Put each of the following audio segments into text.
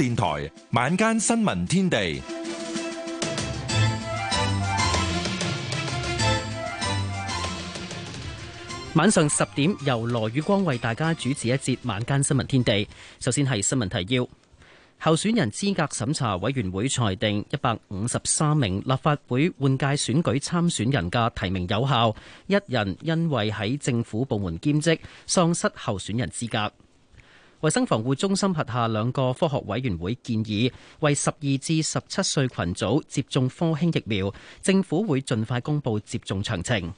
電台晚間新聞天地，晚上十點由羅宇光為大家主持一節晚間新聞天地。首先係新聞提要：候選人資格審查委員會裁定一百五十三名立法會換屆選舉參選人嘅提名有效，一人因為喺政府部門兼職，喪失候選人資格。衛生防護中心轄下兩個科學委員會建議為十二至十七歲群組接種科興疫苗，政府會盡快公布接種詳情。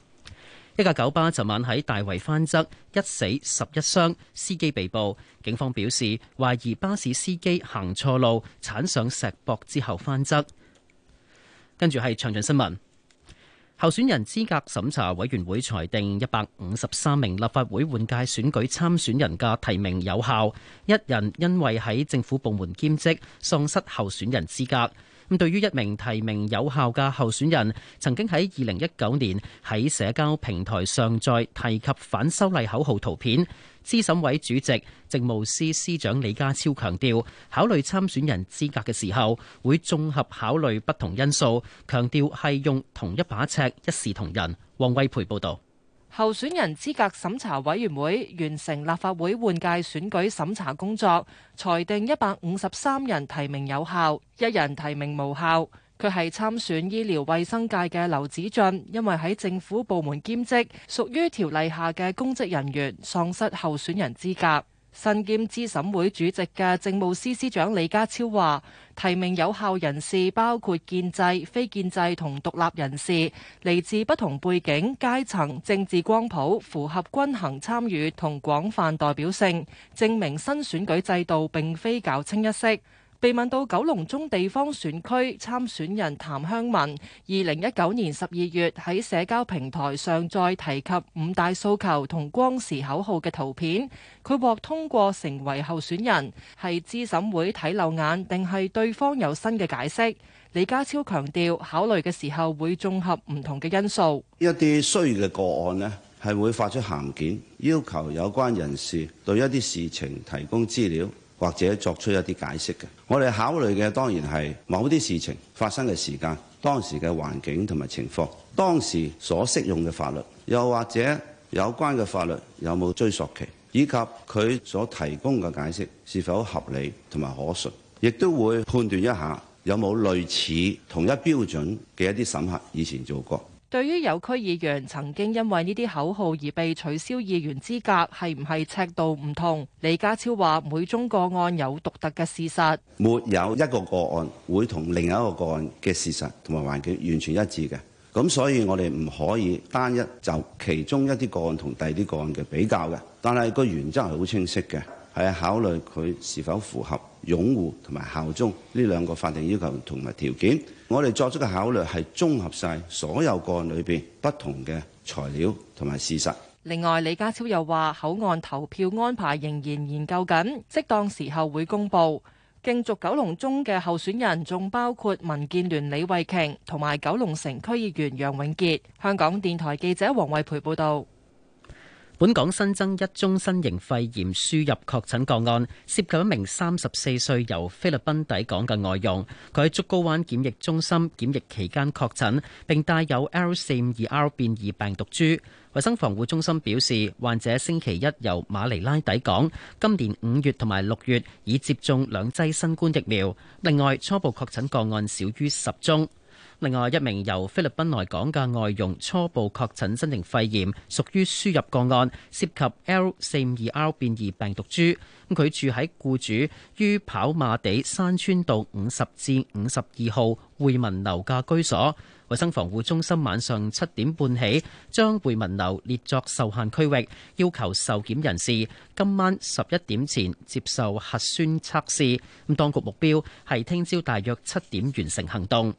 一架九巴尋晚喺大圍翻側，一死十一傷，司機被捕。警方表示懷疑巴士司機行錯路，鏟上石壆之後翻側。跟住係詳盡新聞。候選人資格審查委員會裁定一百五十三名立法會換屆選舉參選人嘅提名有效，一人因為喺政府部門兼職喪失候選人資格。咁對於一名提名有效嘅候選人，曾經喺二零一九年喺社交平台上載提及反修例口號圖片。資審委主席政務司司長李家超強調，考慮參選人資格嘅時候會綜合考慮不同因素，強調係用同一把尺一視同仁。黃威培報道，候選人資格審查委員會完成立法會換屆選舉審查工作，裁定一百五十三人提名有效，一人提名無效。佢係參選醫療衛生界嘅劉子俊，因為喺政府部門兼職，屬於條例下嘅公職人員，喪失候選人資格。身兼資審會主席嘅政務司司長李家超話：提名有效人士包括建制、非建制同獨立人士，嚟自不同背景、階層、政治光譜，符合均衡參與同廣泛代表性，證明新選舉制度並非較清一色。被問到九龍中地方選區參選人譚香文，二零一九年十二月喺社交平台上再提及五大訴求同光時口號嘅圖片，佢獲通過成為候選人，係資審會睇漏眼定係對方有新嘅解釋？李家超強調考慮嘅時候會綜合唔同嘅因素，一啲需要嘅個案呢，係會發出函件要求有關人士對一啲事情提供資料。或者作出一啲解釋嘅，我哋考慮嘅當然係某啲事情發生嘅時間、當時嘅環境同埋情況、當時所適用嘅法律，又或者有關嘅法律有冇追溯期，以及佢所提供嘅解釋是否合理同埋可信，亦都會判斷一下有冇類似同一標準嘅一啲審核以前做過。對於有區議員曾經因為呢啲口號而被取消議員資格，係唔係尺度唔同？李家超話：每宗個案有獨特嘅事實，沒有一個個案會同另一個個案嘅事實同埋環境完全一致嘅，咁所以我哋唔可以單一就其中一啲個案同第二啲個案嘅比較嘅，但係個原則係好清晰嘅。係考慮佢是否符合擁護同埋效忠呢兩個法定要求同埋條件。我哋作出嘅考慮係綜合晒所有個案裏邊不同嘅材料同埋事實。另外，李家超又話：口岸投票安排仍然研究緊，適當時候會公佈。競逐九龍中嘅候選人仲包括民建聯李慧瓊同埋九龍城區議員楊永傑。香港電台記者黃慧培報導。本港新增一宗新型肺炎輸入確診個案，涉及一名三十四歲由菲律賓抵港嘅外傭。佢喺竹篙灣檢疫中心檢疫期間確診，並帶有 L 四五二 R 變異病毒株。衛生防護中心表示，患者星期一由馬尼拉抵港，今年五月同埋六月已接種兩劑新冠疫苗。另外，初步確診個案少於十宗。另外一名由菲律賓來港嘅外傭初步確診新型肺炎，屬於輸入個案，涉及 L452R 變異病毒株。佢住喺僱主於跑馬地山村道五十至五十二號匯民樓嘅居所。衛生防護中心晚上七點半起將匯民樓列作受限區域，要求受檢人士今晚十一點前接受核酸測試。咁，當局目標係聽朝大約七點完成行動。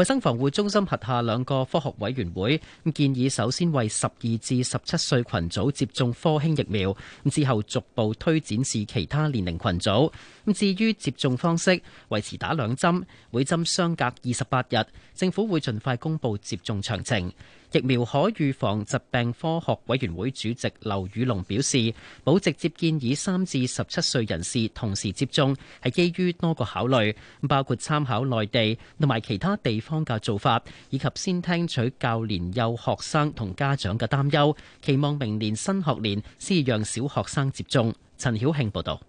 衞生防護中心核下轄兩個科學委員會，建議首先為十二至十七歲群組接種科興疫苗，之後逐步推展至其他年齡群組。至於接種方式，維持打兩針，每針相隔二十八日。政府會盡快公佈接種詳情。疫苗可預防疾病科學委員會主席劉宇龍表示，冇直接建議三至十七歲人士同時接種，係基於多個考慮，包括參考內地同埋其他地方嘅做法，以及先聽取較年幼學生同家長嘅擔憂，期望明年新學年先讓小學生接種。陳曉慶報導。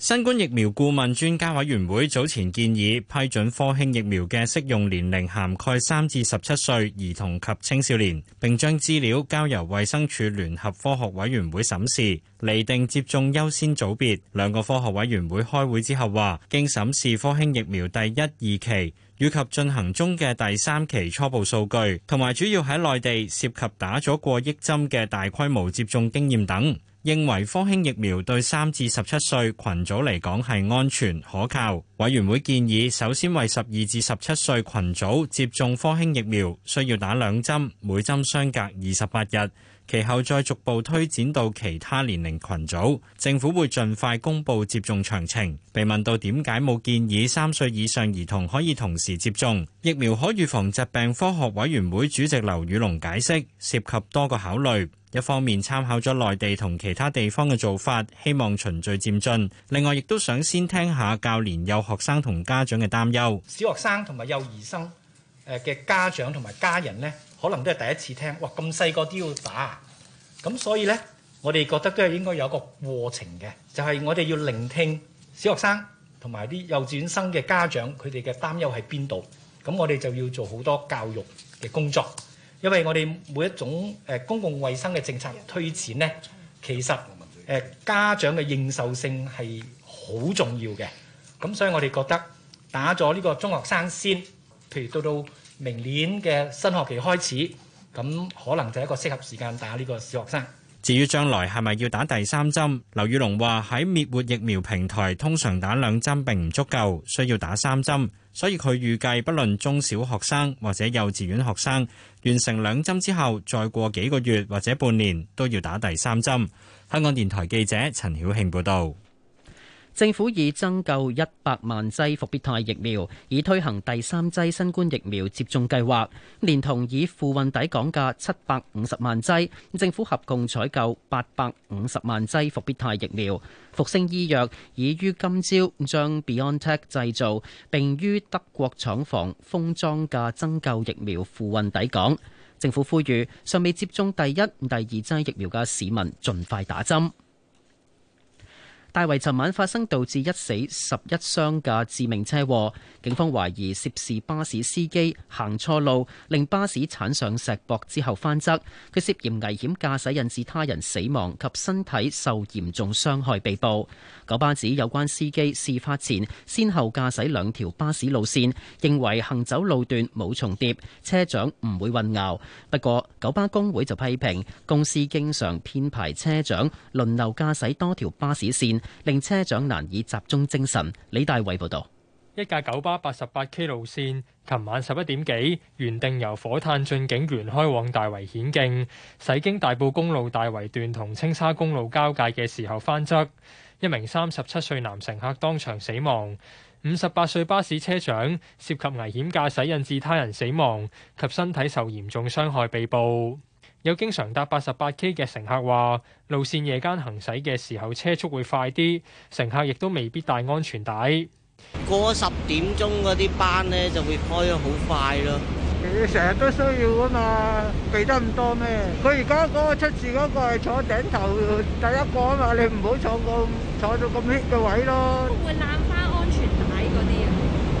新冠疫苗顧問專家委員會早前建議批准科興疫苗嘅適用年齡涵蓋三至十七歲兒童及青少年，並將資料交由衛生署聯合科學委員會審視，釐定接種優先組別。兩個科學委員會開會之後話，經審視科興疫苗第一二期，以及進行中嘅第三期初步數據，同埋主要喺內地涉及打咗過億針嘅大規模接種經驗等。認為科興疫苗對三至十七歲群組嚟講係安全可靠。委員會建議，首先為十二至十七歲群組接種科興疫苗，需要打兩針，每針相隔二十八日，其後再逐步推展到其他年齡群組。政府會盡快公布接種詳情。被問到點解冇建議三歲以上兒童可以同時接種。疫苗可預防疾病科學委員會主席劉宇龍解釋，涉及多個考慮。一方面參考咗內地同其他地方嘅做法，希望循序漸進。另外，亦都想先聽下教年幼學生同家長嘅擔憂。小學生同埋幼兒生誒嘅家長同埋家人呢，可能都係第一次聽，哇！咁細個都要打，咁所以呢，我哋覺得都係應該有一個過程嘅，就係我哋要聆聽小學生同埋啲幼稚園生嘅家長佢哋嘅擔憂喺邊度。咁我哋就要做好多教育嘅工作。因為我哋每一種誒、呃、公共衛生嘅政策推展咧，其實誒、呃、家長嘅認受性係好重要嘅。咁所以我哋覺得打咗呢個中學生先，譬如到到明年嘅新學期開始，咁可能就係一個適合時間打呢個小學生。至於將來係咪要打第三針？劉宇龍話喺滅活疫苗平台，通常打兩針並唔足夠，需要打三針。所以佢預計，不論中小學生或者幼稚園學生，完成兩針之後，再過幾個月或者半年，都要打第三針。香港電台記者陳曉慶報道。政府已增購一百萬劑復必泰疫苗，以推行第三劑新冠疫苗接種計劃，連同以付運抵港嘅七百五十萬劑，政府合共採購八百五十萬劑復必泰疫苗。復星醫藥已於今朝將 Biontech 製造，並於德國廠房封裝嘅增購疫苗付運抵港。政府呼籲尚未接種第一、第二劑疫苗嘅市民盡快打針。大圍尋晚發生導致一死十一傷嘅致命車禍，警方懷疑涉事巴士司機行錯路，令巴士剷上石壆之後翻側。佢涉嫌危險駕駛引致他人死亡及身體受嚴重傷害被捕。九巴指有關司機事發前先後駕駛兩條巴士路線，認為行走路段冇重疊，車長唔會混淆。不過九巴工會就批評公司經常編排車長輪流駕駛多條巴士線。令車長難以集中精神。李大偉報道：一架九巴八十八 k 路線，琴晚十一點幾，原定由火炭駿景園開往大圍顯徑，駛經大埔公路大圍段同青沙公路交界嘅時候翻側，一名三十七歲男乘客當場死亡，五十八歲巴士車長涉及危險駕駛，引致他人死亡及身體受嚴重傷害被捕。有經常搭八十八 K 嘅乘客話：路線夜間行駛嘅時候車速會快啲，乘客亦都未必帶安全帶。過咗十點鐘嗰啲班咧就會開得好快咯。你成日都需要噶嘛？避得咁多咩？佢而家嗰個出事嗰個係坐頂頭第一個啊嘛，你唔好坐咁坐到咁 hit 嘅位咯。會攬翻安全帶嗰啲啊？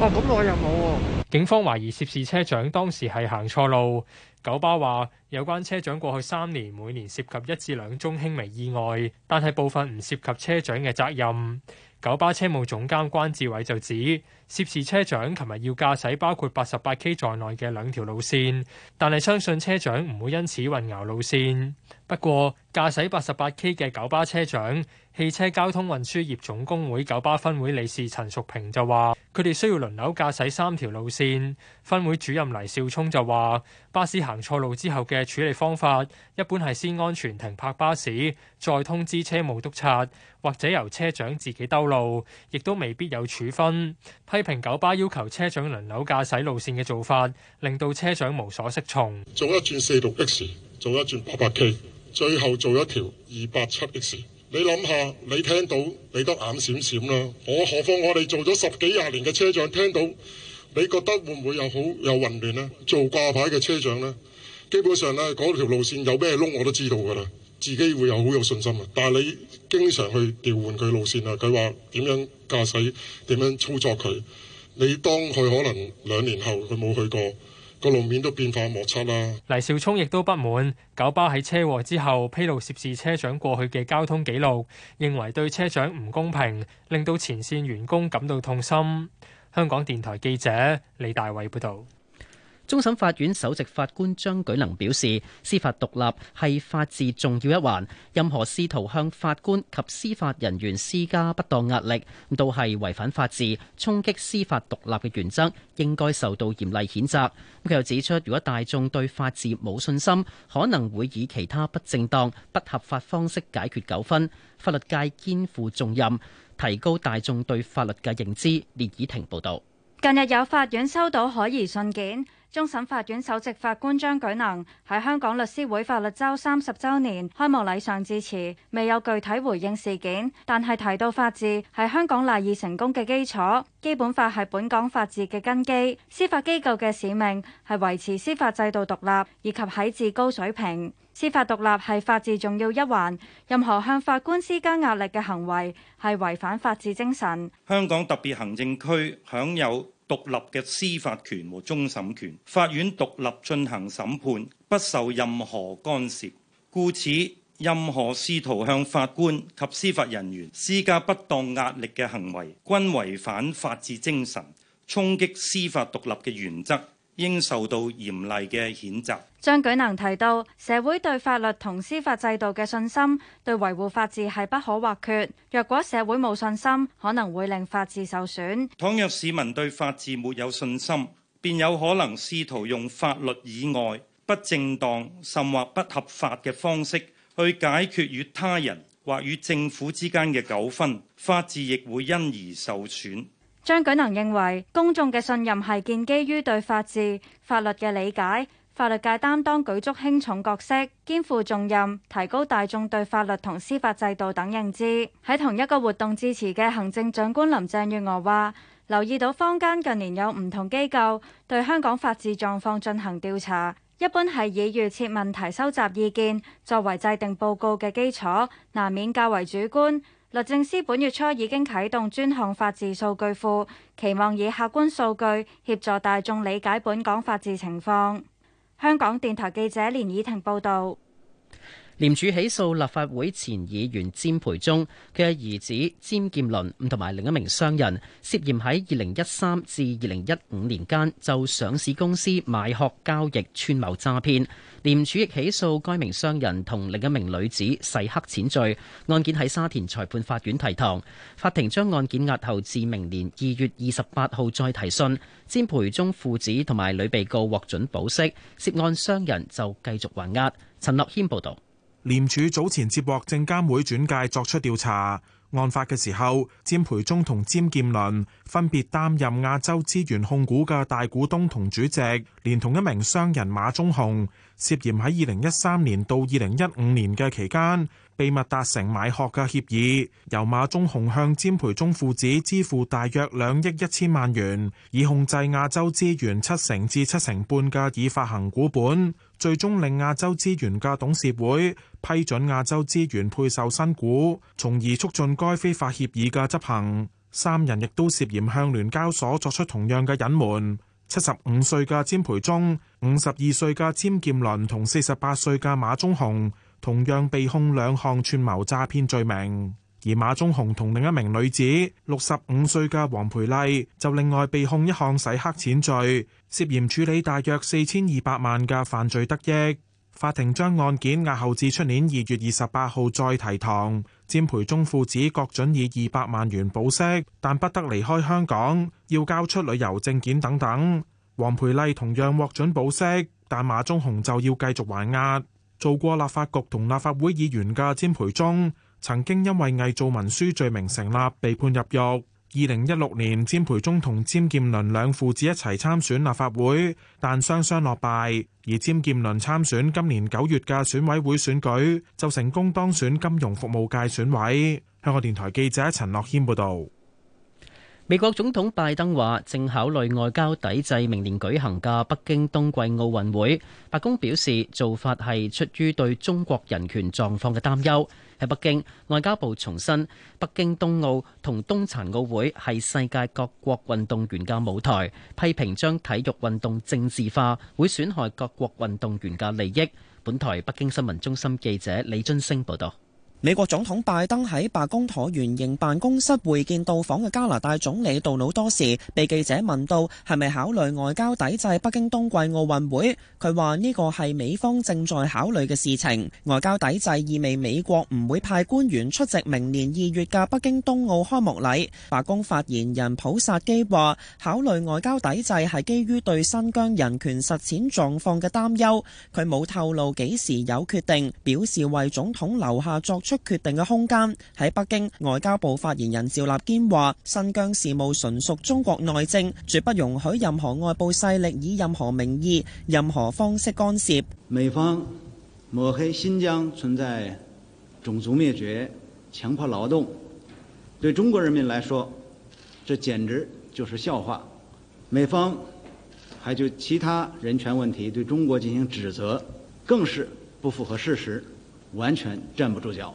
哦，咁我又冇喎。警方懷疑涉事車長當時係行錯路。九巴話有關車長過去三年每年涉及一至兩宗輕微意外，但係部分唔涉及車長嘅責任。九巴車務總監關志偉就指：涉事車長琴日要駕駛包括八十八 K 在內嘅兩條路線，但係相信車長唔會因此混淆路線。不過駕駛八十八 K 嘅九巴車長，汽車交通運輸業總工會九巴分會理事陳淑平就話，佢哋需要輪流駕駛三條路線。分會主任黎少聰就話，巴士行錯路之後嘅處理方法，一般係先安全停泊巴士，再通知車務督察，或者由車長自己兜路，亦都未必有處分。批評九巴要求車長輪流駕駛路線嘅做法，令到車長無所適從。做一轉四六 X，做一轉八八 K，最後做一條二八七 X。你諗下，你聽到你都眼閃閃啦。我何況我哋做咗十幾廿年嘅車長，聽到你覺得會唔會有好有混亂咧？做掛牌嘅車長呢，基本上咧嗰條路線有咩窿我都知道噶啦。自己會有好有信心啊！但係你經常去調換佢路線啊，佢話點樣駕駛、點樣操作佢？你當佢可能兩年後佢冇去過，個路面都變化莫測啦。黎兆聰亦都不滿，九巴喺車禍之後披露涉事車長過去嘅交通紀錄，認為對車長唔公平，令到前線員工感到痛心。香港電台記者李大偉報道。終審法院首席法官張舉能表示，司法獨立係法治重要一環，任何試圖向法官及司法人員施加不當壓力，都係違反法治、衝擊司法獨立嘅原則，應該受到嚴厲譴責。佢又指出，如果大眾對法治冇信心，可能會以其他不正當、不合法方式解決糾紛。法律界肩負重任，提高大眾對法律嘅認知。列以婷報導，近日有法院收到可疑信件。終審法院首席法官張舉能喺香港律師會法律周三十周年開幕禮上致辭，未有具體回應事件，但係提到法治係香港賴以成功嘅基礎，基本法係本港法治嘅根基，司法機構嘅使命係維持司法制度獨立以及喺至高水平。司法獨立係法治重要一環，任何向法官施加壓力嘅行為係違反法治精神。香港特別行政區享有獨立嘅司法權和終審權，法院獨立進行審判，不受任何干涉。故此，任何試圖向法官及司法人員施加不當壓力嘅行為，均違反法治精神，衝擊司法獨立嘅原則。應受到嚴厲嘅譴責。張舉能提到，社會對法律同司法制度嘅信心，對維護法治係不可或缺。若果社會冇信心，可能會令法治受損。倘若市民對法治沒有信心，便有可能試圖用法律以外、不正當甚或不合法嘅方式去解決與他人或與政府之間嘅糾紛，法治亦會因而受損。張舉能認為公眾嘅信任係建基於對法治、法律嘅理解，法律界擔當舉足輕重角色，肩負重任，提高大眾對法律同司法制度等認知。喺同一個活動致辭嘅行政長官林鄭月娥話：留意到坊間近年有唔同機構對香港法治狀況進行調查，一般係以預設問題收集意見作為制定報告嘅基礎，難免較為主觀。律政司本月初已經啟動專項法治數據庫，期望以客觀數據協助大眾理解本港法治情況。香港電台記者連以婷報導。廉署起訴立法會前議員詹培忠、佢嘅兒子詹劍倫，同埋另一名商人涉嫌喺二零一三至二零一五年間，就上市公司買殼交易串謀詐騙。廉署亦起訴該名商人同另一名女子洗黑錢罪。案件喺沙田裁判法院提堂，法庭將案件押後至明年二月二十八號再提訊。詹培忠父子同埋女被告獲准保釋，涉案商人就繼續還押。陳樂謙報導。廉署早前接獲證監會轉介，作出調查。案發嘅時候，詹培忠同詹劍倫分別擔任亞洲資源控股嘅大股東同主席，連同一名商人馬中雄，涉嫌喺二零一三年到二零一五年嘅期間，秘密達成買殼嘅協議，由馬中雄向詹培忠父子支付大約兩億一千萬元，以控制亞洲資源七成至七成半嘅已發行股本，最終令亞洲資源嘅董事會。批准亞洲資源配售新股，從而促進該非法協議嘅執行。三人亦都涉嫌向聯交所作出同樣嘅隱瞞。七十五歲嘅詹培忠、五十二歲嘅詹劍倫同四十八歲嘅馬忠雄同樣被控兩項串謀詐騙罪名。而馬忠雄同另一名女子六十五歲嘅黃培麗，就另外被控一項洗黑錢罪，涉嫌處理大約四千二百萬嘅犯罪得益。法庭將案件押後至出年二月二十八號再提堂。詹培忠父子各准以二百萬元保釋，但不得離開香港，要交出旅遊證件等等。黃培麗同樣獲准保釋，但馬忠雄就要繼續還押。做過立法局同立法會議員嘅詹培忠，曾經因為偽造文書罪名成立，被判入獄。二零一六年，詹培忠同詹劍倫兩父子一齊參選立法會，但雙雙落敗。而詹劍倫參選今年九月嘅選委會選舉，就成功當選金融服務界選委。香港電台記者陳諾謙報道。美國總統拜登話，正考慮外交抵制明年舉行嘅北京冬季奧運會。白宮表示，做法係出於對中國人權狀況嘅擔憂。喺北京，外交部重申，北京冬奧同冬殘奧會係世界各國運動員嘅舞台，批評將體育運動政治化，會損害各國運動員嘅利益。本台北京新聞中心記者李津升報道。美國總統拜登喺白宮橢圓形辦公室會見到訪嘅加拿大總理杜魯多時，被記者問到係咪考慮外交抵制北京冬季奧運會？佢話呢個係美方正在考慮嘅事情。外交抵制意味美國唔會派官員出席明年二月嘅北京冬奧開幕禮。白宮發言人普薩基話，考慮外交抵制係基於對新疆人權實踐狀況嘅擔憂。佢冇透露幾時有決定，表示為總統留下作出。出決定嘅空間。喺北京，外交部發言人趙立堅話：新疆事務純屬中國內政，絕不容許任何外部勢力以任何名義、任何方式干涉。美方抹黑新疆存在種族滅絕、強迫勞動，對中國人民來說，這簡直就是笑話。美方還就其他人權問題對中國進行指責，更是不符合事實，完全站不住腳。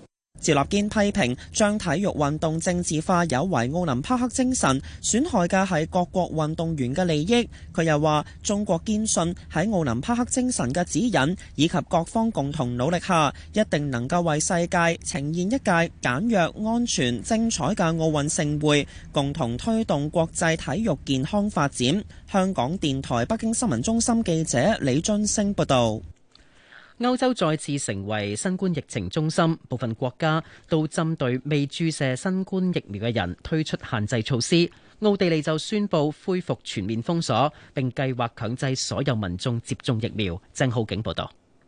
趙立堅批評將體育運動政治化有違奧林匹克精神，損害嘅係各國運動員嘅利益。佢又話：中國堅信喺奧林匹克精神嘅指引以及各方共同努力下，一定能夠為世界呈現一屆簡約、安全、精彩嘅奧運盛會，共同推動國際體育健康發展。香港電台北京新聞中心記者李津升報道。歐洲再次成為新冠疫情中心，部分國家都針對未注射新冠疫苗嘅人推出限制措施。奧地利就宣布恢復全面封鎖，並計劃強制所有民眾接種疫苗。鄭浩景報道。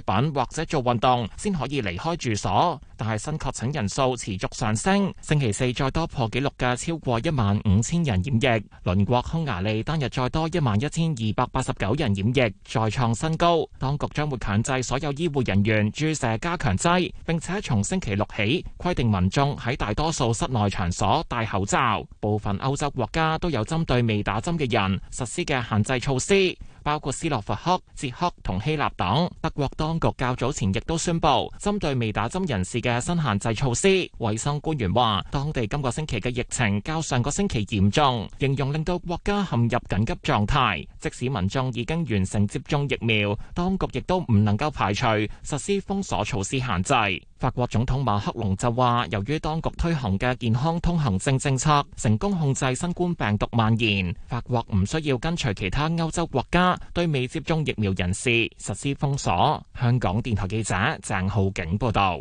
品或者做運動，先可以離開住所。但係新確診人數持續上升，星期四再多破紀錄嘅超過一萬五千人染疫。鄰國匈牙利當日再多一萬一千二百八十九人染疫，再創新高。當局將會強制所有醫護人員注射加強劑，並且從星期六起規定民眾喺大多數室內場所戴口罩。部分歐洲國家都有針對未打針嘅人實施嘅限制措施，包括斯洛伐克、捷克同希臘等。德國當局較早前亦都宣布針對未打針人士嘅新限制措施，衛生官員話，當地今個星期嘅疫情較上個星期嚴重，形容令到國家陷入緊急狀態。即使民眾已經完成接種疫苗，當局亦都唔能夠排除實施封鎖措施限制。法國總統馬克龍就話，由於當局推行嘅健康通行證政策成功控制新冠病毒蔓延，法國唔需要跟隨其他歐洲國家對未接種疫苗人士實施封鎖。香港電台記者鄭浩景報道。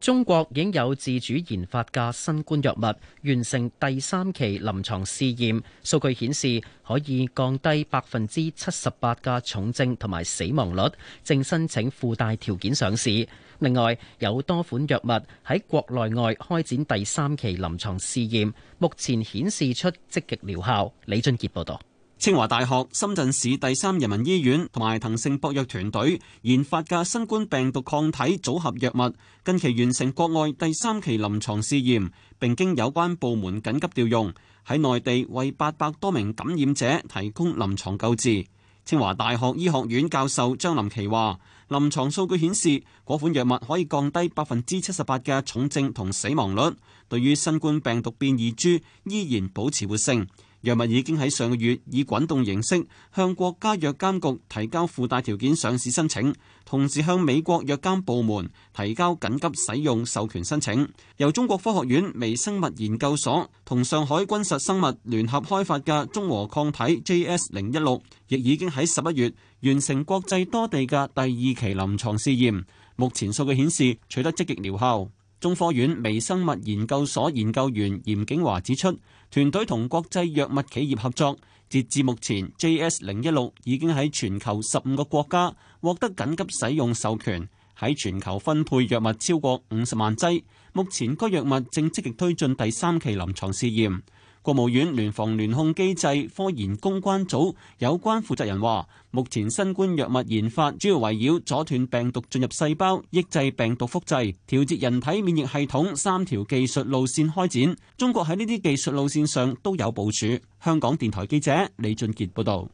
中國已經有自主研發嘅新冠藥物，完成第三期臨床試驗，數據顯示可以降低百分之七十八嘅重症同埋死亡率，正申請附帶條件上市。另外，有多款藥物喺國內外開展第三期臨床試驗，目前顯示出積極療效。李俊杰報道。清華大學、深圳市第三人民醫院同埋騰盛博藥團隊研發嘅新冠病毒抗體組合藥物，近期完成國外第三期臨床試驗，並經有關部門緊急調用，喺內地為八百多名感染者提供臨床救治。清華大學醫學院教授張林琦話，臨床數據顯示，嗰款藥物可以降低百分之七十八嘅重症同死亡率，對於新冠病毒變異株依然保持活性。藥物已經喺上個月以滾動形式向國家藥監局提交附帶條件上市申請，同時向美國藥監部門提交緊急使用授權申請。由中國科學院微生物研究所同上海君實生物聯合開發嘅中和抗體 JS 零一六，16，亦已經喺十一月完成國際多地嘅第二期臨床試驗，目前數據顯示取得積極療效。中科院微生物研究所研究員嚴景華指出，團隊同國際藥物企業合作，截至目前，JS 零一六已經喺全球十五個國家獲得緊急使用授權，喺全球分配藥物超過五十萬劑，目前該藥物正積極推進第三期臨床試驗。國務院聯防聯控機制科研攻關組有關負責人話，目前新冠藥物研發主要圍繞阻斷病毒進入細胞、抑制病毒複製、調節人體免疫系統三條技術路線開展。中國喺呢啲技術路線上都有部署。香港電台記者李俊杰報道。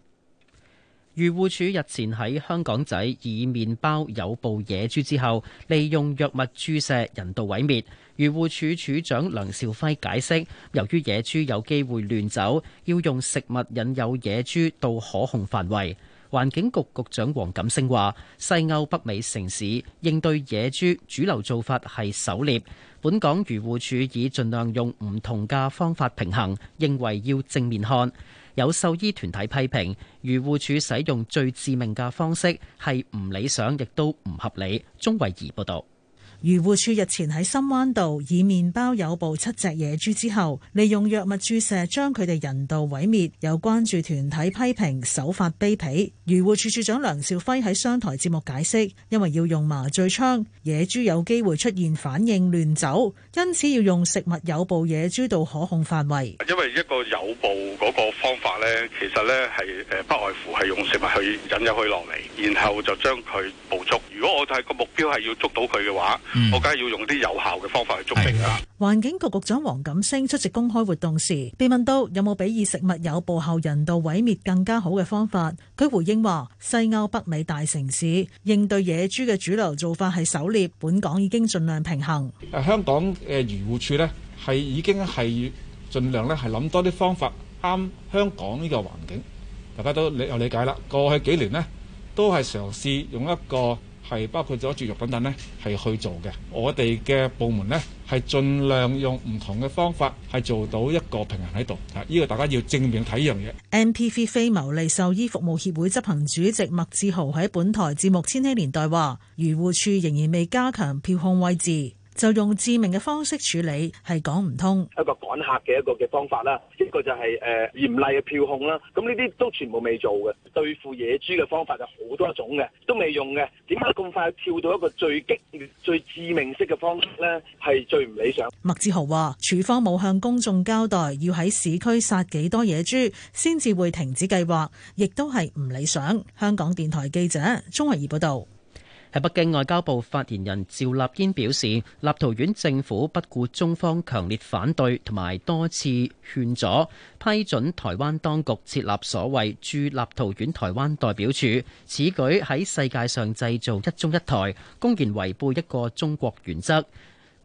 漁護署日前喺香港仔以麵包誘捕野豬之後，利用藥物注射人道毀滅。漁護署署長梁兆輝解釋，由於野豬有機會亂走，要用食物引誘野豬到可控範圍。環境局局長黃錦星話：西歐北美城市應對野豬主流做法係狩獵，本港漁護署已盡量用唔同嘅方法平衡，認為要正面看。有獸醫團體批評漁護署使用最致命嘅方式係唔理想，亦都唔合理。鐘慧儀報導。漁護署日前喺深灣道以麵包誘捕七隻野豬之後，利用藥物注射將佢哋人道毀滅。有關注團體批評手法卑鄙。漁護署署長梁肇輝喺商台節目解釋，因為要用麻醉槍，野豬有機會出現反應亂走，因此要用食物誘捕野豬到可控範圍。因為一個誘捕嗰個方法呢，其實呢係不外乎係用食物去引入去落嚟，然後就將佢捕捉。如果我就係個目標係要捉到佢嘅話，嗯、我梗係要用啲有效嘅方法去捉你啦！環境局局長黃錦星出席公開活動時，被問到有冇比以食物有捕後人道毀滅更加好嘅方法，佢回應話：西歐、北美大城市應對野豬嘅主流做法係狩獵，本港已經盡量平衡。誒、啊，香港嘅漁護處咧係已經係盡量咧係諗多啲方法啱香港呢個環境，大家都理有理解啦。過去幾年呢都係嘗試用一個。係包括咗絕育等等呢係去做嘅。我哋嘅部門呢，係盡量用唔同嘅方法係做到一個平衡喺度。係呢個大家要正面睇呢樣嘢。MPV 非牟利獸醫服務協會執行主席麥志豪喺本台節目《千禧年代》話：漁護署仍然未加強票控位置。就用致命嘅方式處理係講唔通，一個趕客嘅一個嘅方法啦，一個就係、是、誒、呃、嚴厲嘅票控啦，咁呢啲都全部未做嘅，對付野豬嘅方法就好多種嘅，都未用嘅，點解咁快跳到一個最激烈、最致命式嘅方式咧？係最唔理想。麥志豪話，署方冇向公眾交代要喺市區殺幾多野豬先至會停止計劃，亦都係唔理想。香港電台記者鍾慧儀報道。喺北京外交部發言人趙立堅表示，立陶宛政府不顧中方強烈反對同埋多次勸阻，批准台灣當局設立所謂駐立陶宛台灣代表處，此舉喺世界上製造一中一台，公然違背一個中國原則。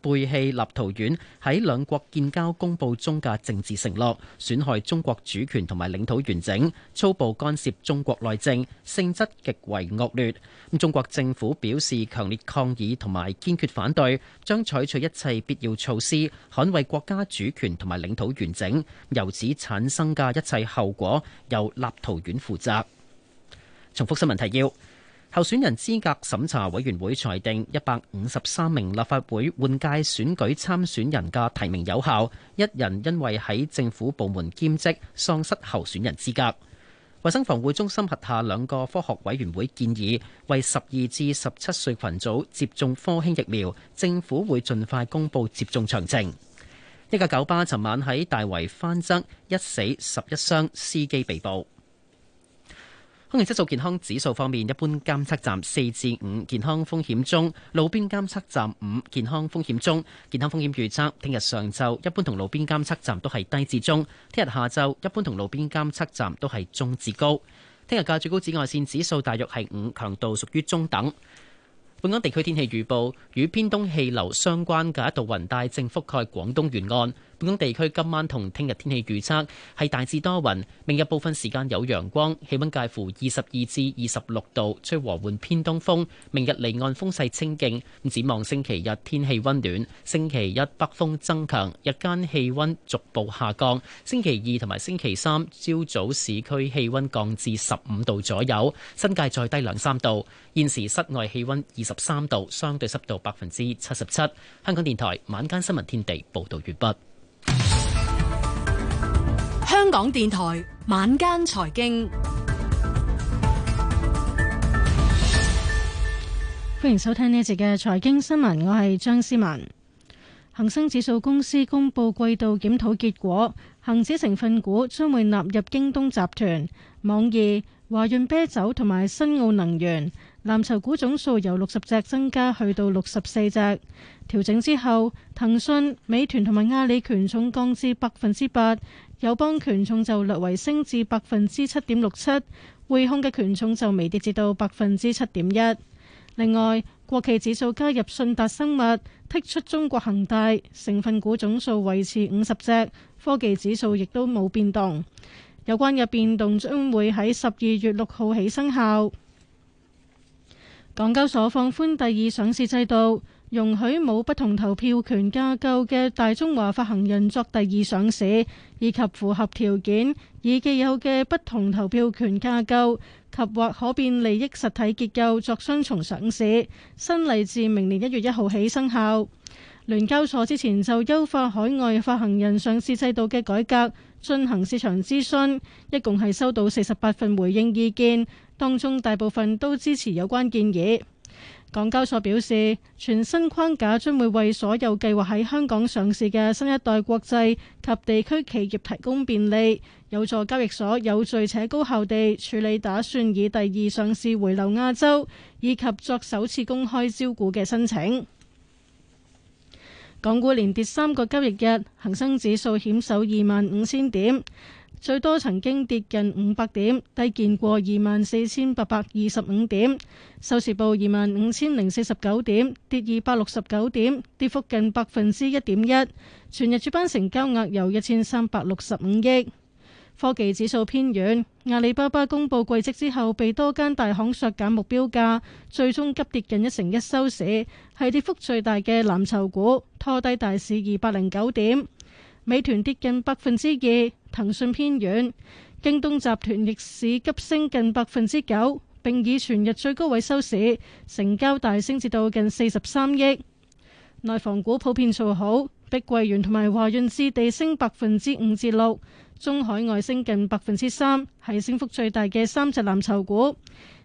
背棄立陶宛喺兩國建交公報中嘅政治承諾，損害中國主權同埋領土完整，粗暴干涉中國內政，性質極為惡劣。中國政府表示強烈抗議同埋堅決反對，將採取一切必要措施捍衛國家主權同埋領土完整，由此產生嘅一切後果由立陶宛負責。重複新聞提要。候選人資格審查委員會裁定一百五十三名立法會換屆選舉參選人嘅提名有效，一人因為喺政府部門兼職喪失候選人資格。衛生防護中心轄下兩個科學委員會建議為十二至十七歲群組接種科興疫苗，政府會盡快公布接種詳情。一架九巴尋晚喺大圍翻側，一死十一傷，司機被捕。空氣質素健康指數方面，一般監測站四至五，健康風險中；路邊監測站五，健康風險中。健康風險預測：聽日上晝一般同路邊監測站都係低至中；聽日下晝一般同路邊監測站都係中至高。聽日嘅最高紫外線指數大約係五，強度屬於中等。本港地區天氣預報：與偏東氣流相關嘅一道雲帶正覆蓋廣東沿岸。本港地區今晚同聽日天氣預測係大致多雲，明日部分時間有陽光，氣温介乎二十二至二十六度，吹和緩偏東風。明日離岸風勢清勁。展望星期日天氣温暖，星期一北風增強，日間氣温逐步下降。星期二同埋星期三朝早市區氣温降至十五度左右，新界再低兩三度。現時室外氣温二十三度，相對濕度百分之七十七。香港電台晚間新聞天地報道完畢。香港電台晚間財經，歡迎收聽呢一節嘅財經新聞。我係張思文。恒生指數公司公布季度檢討結果，恒指成分股將會納入京東集團、網易、華潤啤酒同埋新奧能源。藍籌股總數由六十隻增加去到六十四隻，調整之後，騰訊、美團同埋阿里權重降至百分之八，友邦權重就略為升至百分之七點六七，匯控嘅權重就微跌至到百分之七點一。另外，國企指數加入信達生物，剔出中國恒大，成分股總數維持五十隻，科技指數亦都冇變動。有關嘅變動將會喺十二月六號起生效。港交所放寬第二上市制度，容許冇不同投票權架構嘅大中華發行人作第二上市，以及符合條件以既有嘅不同投票權架構及或可變利益實體結構作雙重上市。新例自明年一月一號起生效。聯交所之前就優化海外發行人上市制度嘅改革進行市場諮詢，一共係收到四十八份回應意見。當中大部分都支持有關建議。港交所表示，全新框架將會為所有計劃喺香港上市嘅新一代國際及地區企業提供便利，有助交易所有序且高效地處理打算以第二上市回流亞洲以及作首次公開招股嘅申請。港股連跌三個交易日，恒生指數險守二萬五千點。最多曾經跌近五百點，低見過二萬四千八百二十五點，收市報二萬五千零四十九點，跌二百六十九點，跌幅近百分之一點一。全日主板成交額由一千三百六十五億。科技指數偏軟，阿里巴巴公布季績之後，被多間大行削減目標價，最終急跌近一成一收市，係跌幅最大嘅藍籌股，拖低大市二百零九點。美團跌近百分之二。騰訊偏遠，京東集團逆市急升近百分之九，並以全日最高位收市，成交大升至到近四十三億。內房股普遍做好，碧桂園同埋華潤置地升百分之五至六，中海外升近百分之三，係升幅最大嘅三隻藍籌股。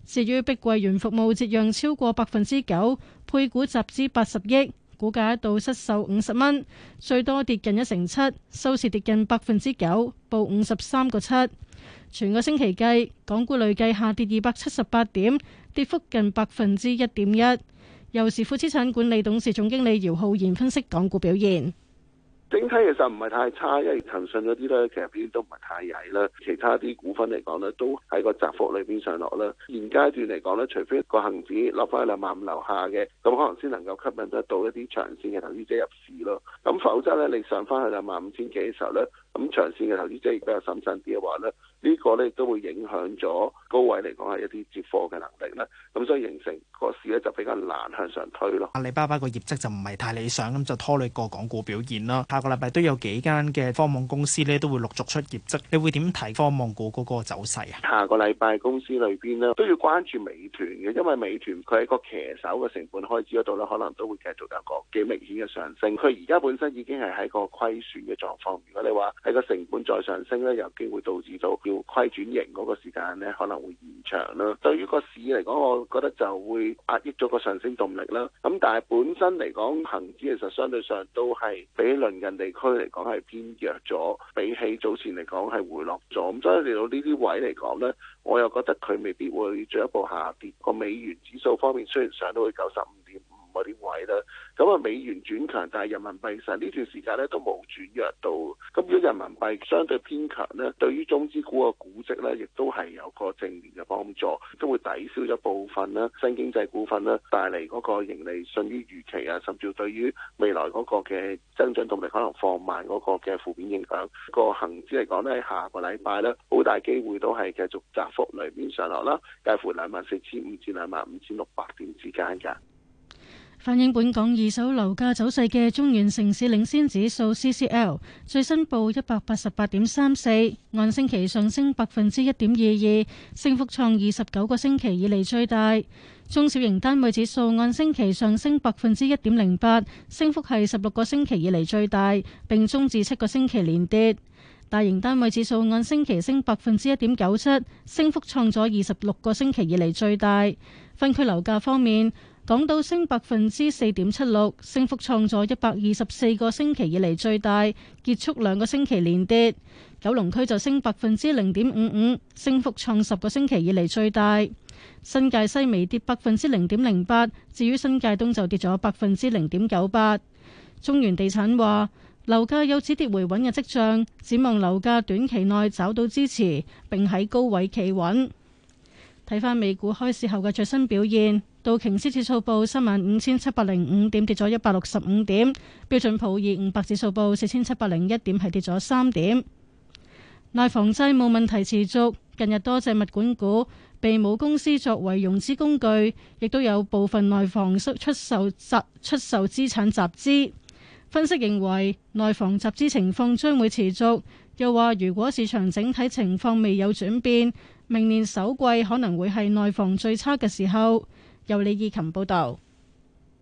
至於碧桂園服務折讓超過百分之九，配股集資八十億。股價一度失守五十蚊，最多跌近一成七，收市跌近百分之九，報五十三個七。全個星期計，港股累計下跌二百七十八點，跌幅近百分之一點一。由時富資產管理董事總經理姚浩然分析港股表現。整體其實唔係太差，因為騰訊嗰啲咧，其實表現都唔係太曳啦。其他啲股份嚟講咧，都喺個窄幅裏邊上落啦。現階段嚟講咧，除非一個恒指落翻去兩萬五樓下嘅，咁可能先能夠吸引得到一啲長線嘅投資者入市咯。咁否則咧，你上翻去兩萬五千幾嘅時候咧，咁長線嘅投資者亦都有審慎啲嘅話咧。呢個咧都會影響咗高位嚟講係一啲接貨嘅能力啦，咁所以形成個市咧就比較難向上推咯。阿里巴巴個業績就唔係太理想，咁就拖累個港股表現啦。下個禮拜都有幾間嘅科網公司咧都會陸續出業績，你會點睇科網股嗰個走勢啊？下個禮拜公司裏邊咧都要關注美團嘅，因為美團佢喺個騎手嘅成本開支嗰度咧，可能都會繼續有個幾明顯嘅上升。佢而家本身已經係喺個虧損嘅狀況，如果你話喺個成本再上升咧，有機會導致到，規轉型嗰個時間咧，可能會延長啦。對於個市嚟講，我覺得就會壓抑咗個上升動力啦。咁但係本身嚟講，恒指其實相對上都係比鄰近地區嚟講係偏弱咗，比起早前嚟講係回落咗。咁所以嚟到呢啲位嚟講咧，我又覺得佢未必會進一步下跌。個美元指數方面，雖然上到去九十五點。啲位啦，咁啊美元轉強，但係人民幣成呢段時間咧都冇轉弱到，咁如果人民幣相對偏強咧，對於中資股嘅估值，咧亦都係有個正面嘅幫助，都會抵消咗部分咧新經濟股份咧帶嚟嗰個盈利遜於預期啊，甚至對於未來嗰個嘅增長動力可能放慢嗰個嘅負面影響。個恒指嚟講咧，下個禮拜咧，好大機會都係繼續窄幅裏面上落啦，介乎兩萬四千五至兩萬五千六百點之間噶。反映本港二手樓價走勢嘅中原城市領先指數 （CCL） 最新報一百八十八點三四，按星期上升百分之一點二二，升幅創二十九個星期以嚟最大。中小型單位指數按星期上升百分之一點零八，升幅係十六個星期以嚟最大，並終止七個星期連跌。大型單位指數按星期升百分之一點九七，升幅創咗二十六個星期以嚟最大。分區樓價方面。港島升百分之四點七六，升幅創咗一百二十四個星期以嚟最大，結束兩個星期連跌。九龍區就升百分之零點五五，升幅創十個星期以嚟最大。新界西微跌百分之零點零八，至於新界東就跌咗百分之零點九八。中原地產話，樓價有止跌回穩嘅跡象，展望樓價短期內找到支持，並喺高位企穩。睇返美股開市後嘅最新表現。道瓊斯指數報三萬五千七百零五點，跌咗一百六十五點。標準普爾五百指數報四千七百零一點，係跌咗三點。內房債務問題持續，近日多隻物管股被母公司作為融資工具，亦都有部分內房出售集出售資產集資。分析認為，內房集資情況將會持續。又話，如果市場整體情況未有轉變，明年首季可能會係內房最差嘅時候。由李義勤報道。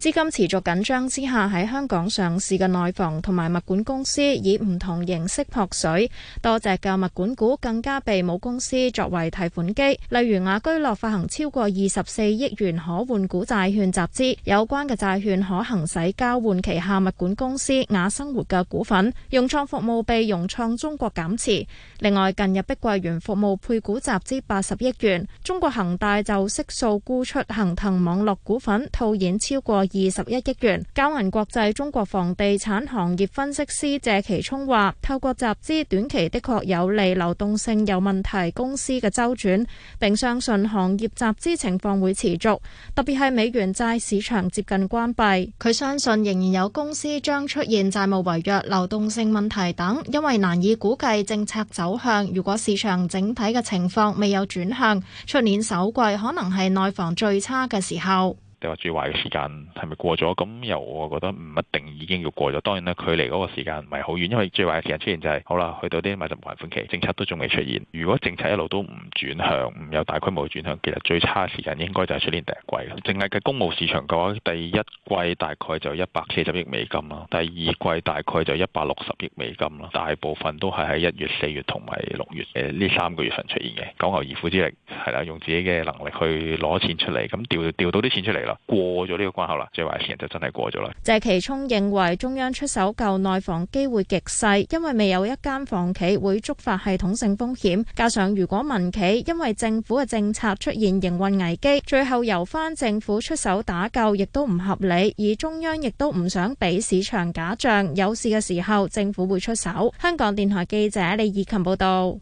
資金持續緊張之下，喺香港上市嘅內房同埋物管公司以唔同形式撲水，多隻嘅物管股更加被母公司作為提款機。例如雅居樂發行超過二十四億元可換股債券集資，有關嘅債券可行使交換旗下物管公司雅生活嘅股份。融創服務被融創中國減持。另外近日碧桂園服務配股集資八十億元，中國恒大就悉數沽出恒騰網絡股份，套現超過二十一億元。交銀國際中國房地產行業分析師謝其聰話，透過集資，短期的確有利流動性有問題公司嘅周轉，並相信行業集資情況會持續。特別係美元債市場接近關閉，佢相信仍然有公司將出現債務違約、流動性問題等，因為難以估計政策走向。如果市場整體嘅情況未有轉向，出年首季可能係內房最差嘅時候。你話最壞嘅時間係咪過咗？咁又我覺得唔一定已經要過咗。當然咧，距離嗰個時間唔係好遠，因為最壞嘅時間出現就係、是、好啦，去到啲買就還款期政策都仲未出現。如果政策一路都唔轉向，唔有大規模嘅轉向，其實最差嘅時間應該就係出年第一季。淨係嘅公募市場嘅第一季大概就一百四十億美金啦，第二季大概就一百六十億美金啦。大部分都係喺一月、四月同埋六月誒呢三個月份出現嘅。九牛二虎之力，係啦，用自己嘅能力去攞錢出嚟，咁調調到啲錢出嚟啦。過咗呢個關口啦，即係話，其實就真係過咗啦。謝其聰認為中央出手救內房機會極細，因為未有一間房企會觸發系統性風險。加上如果民企因為政府嘅政策出現營運危機，最後由翻政府出手打救，亦都唔合理。而中央亦都唔想俾市場假象，有事嘅時候政府會出手。香港電台記者李以琴報道。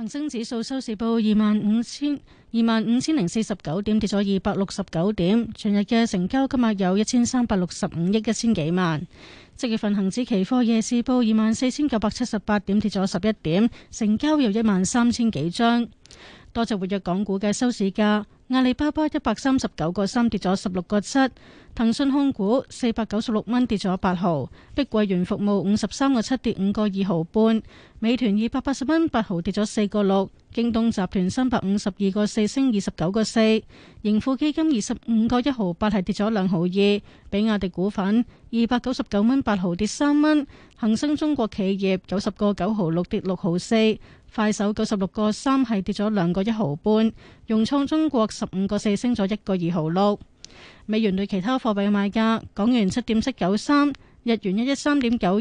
恒生指數收市報二萬五千二萬五千零四十九點，跌咗二百六十九點。全日嘅成交今日有一千三百六十五億一千幾萬。即月份恒指期貨夜市報二萬四千九百七十八點，跌咗十一點，成交有一萬三千幾張。多隻活躍港股嘅收市價，阿里巴巴一百三十九個三跌咗十六個七，騰訊控股四百九十六蚊跌咗八毫，碧桂園服務五十三個七跌五個二毫半，美團二百八十蚊八毫跌咗四個六，京東集團三百五十二個四升二十九個四，盈富基金二十五個一毫八係跌咗兩毫二，比亞迪股份二百九十九蚊八毫跌三蚊，恒生中國企業九十個九毫六跌六毫四。快手九十六個三係跌咗兩個一毫半，融創中國十五個四升咗一個二毫六。美元對其他貨幣嘅買價：港元七點七九三，日元一一三點九二，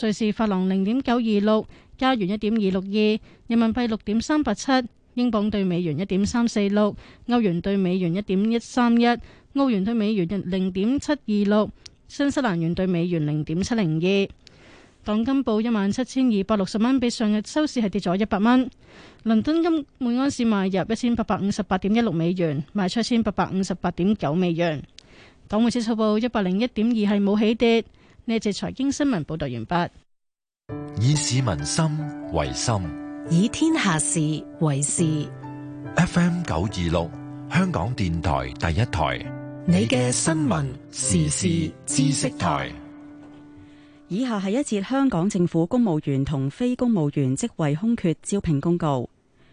瑞士法郎零點九二六，加元一點二六二，人民幣六點三八七，英鎊對美元一點三四六，歐元對美元一點一三一，澳元對美元零點七二六，新西蘭元對美元零點七零二。港金報一萬七千二百六十蚊，比上日收市係跌咗一百蚊。倫敦金每安士買入一千八百五十八點一六美元，賣出一千八百五十八點九美元。港匯指數報一百零一點二，係冇起跌。呢節財經新聞報道完畢。以市民心為心，以天下事為事。F M 九二六，香港電台第一台，你嘅新聞時事知識台。以下係一節香港政府公務員同非公務員職位空缺招聘公告。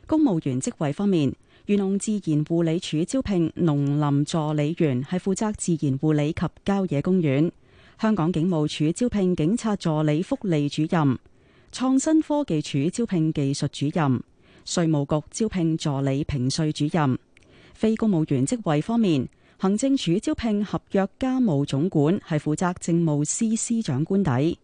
公務員職位方面，漁農自然護理署招聘農林助理員，係負責自然護理及郊野公園；香港警務處招聘警察助理福利主任；創新科技署招聘技術主任；稅務局招聘助理評稅主任。非公務員職位方面。行政署招聘合約家務總管，係負責政務司司長官邸。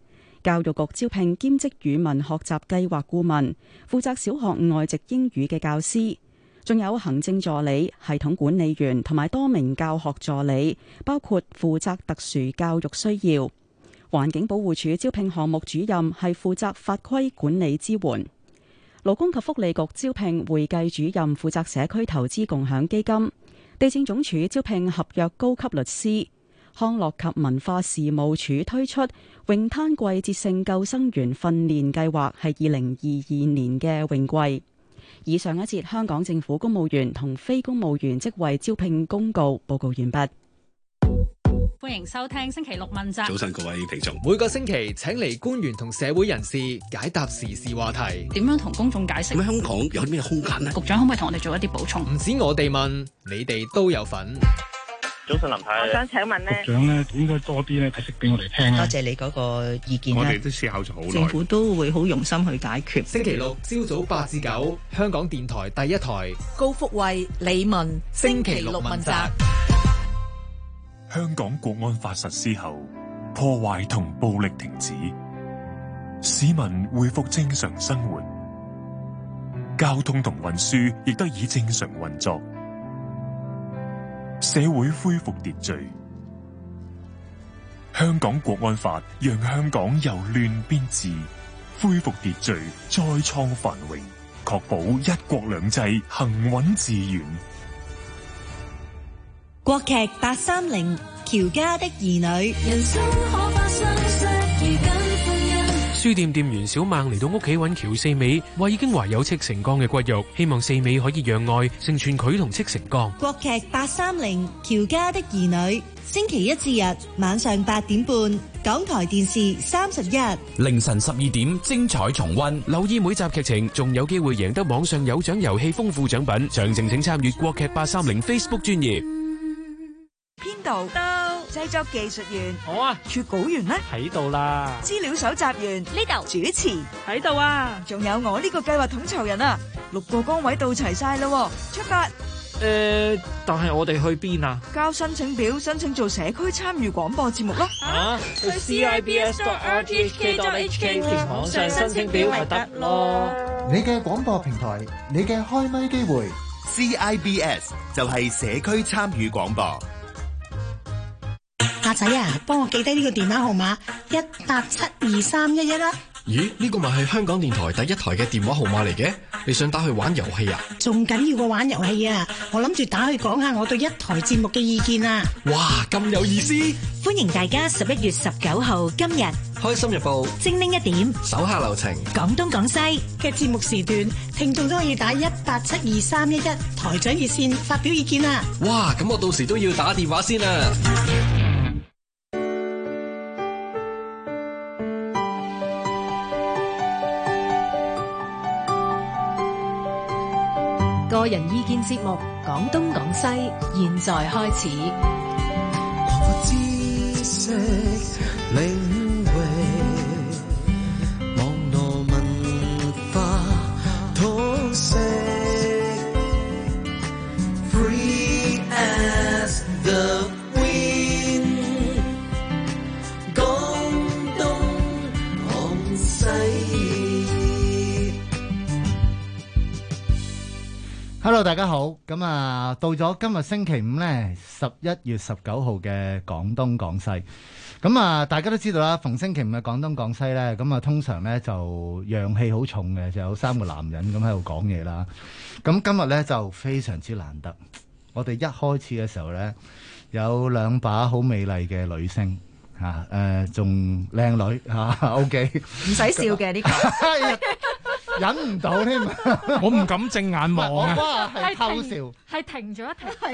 教育局招聘兼職語文學習計劃顧問，負責小學外籍英語嘅教師。仲有行政助理、系統管理員同埋多名教學助理，包括負責特殊教育需要。環境保護署招聘項目主任，係負責法規管理支援。勞工及福利局招聘會計主任，負責社區投資共享基金。地政總署招聘合約高級律師，康樂及文化事務署推出泳灘季節性救生員訓練計劃，係二零二二年嘅泳季。以上一節，香港政府公務員同非公務員職位招聘公告報告完畢。歡迎收聽星期六問責。早晨各位聽眾，每個星期請嚟官員同社會人士解答時事話題，點樣同公眾解釋？香港有啲咩空間咧？局長可唔可以同我哋做一啲補充？唔止我哋問，你哋都有份。早晨林太，我想請問呢，局長咧，應該多啲咧解釋俾我哋聽。多謝你嗰個意見，我哋都思考咗好耐，政府都會好用心去解決。星期六朝早八至九，香港電台第一台高福慧李文。星期六問責。香港國安法實施後，破壞同暴力停止，市民回復正常生活，交通同運輸亦得以正常運作，社會恢復秩序。香港國安法讓香港由亂變治，恢復秩序，再創繁榮，確保一國兩制行穩致遠。國劇八三零喬家的兒女，人生可音？書店店員小孟嚟到屋企揾喬四美，話已經懷有戚成江嘅骨肉，希望四美可以讓愛成全佢同戚成江。國劇八三零喬家的兒女，星期一至日晚上八點半，港台電視三十一，凌晨十二點精彩重溫。留意每集劇情，仲有機會贏得網上有獎遊戲豐富獎品。詳情請參閱國劇八三零 Facebook 專頁。到製作技術員，好啊，處稿員咧喺度啦，資料搜集員呢度，主持喺度啊，仲有我呢個計劃統籌人啊，六個崗位到齊晒啦，出發。誒，但係我哋去邊啊？交申請表，申請做社區參與廣播節目咯。啊，去 CIBS.RTHK.HK 網上申請表咪得咯。你嘅廣播平台，你嘅開咪機會，CIBS 就係社區參與廣播。仔啊，幫我記低呢個電話號碼一八七二三一一啦。咦，呢個咪係香港電台第一台嘅電話號碼嚟嘅？你想打去玩遊戲啊？仲緊要過玩遊戲啊？我諗住打去講下我對一台節目嘅意見啊！哇，咁有意思！歡迎大家十一月十九號今日開心日報，精靈一點，手下留情。廣東廣西嘅節目時段，聽眾都可以打一八七二三一一台長熱線發表意見啦！哇，咁我到時都要打電話先啦。人意見節目，講東講西，現在開始。 Hello，大家好。咁、嗯、啊，到咗今日星期五呢，十一月十九號嘅廣東廣西。咁、嗯、啊，大家都知道啦，逢星期五嘅廣東廣西呢，咁、嗯、啊，通常呢，就陽氣好重嘅，就有三個男人咁喺度講嘢啦。咁、嗯、今日呢，就非常之難得。我哋一開始嘅時候呢，有兩把好美麗嘅女聲吓，誒仲靚女吓，OK。唔、啊、使笑嘅呢個。 忍唔到添，我唔敢正眼望啊，係偷笑，係停咗一停。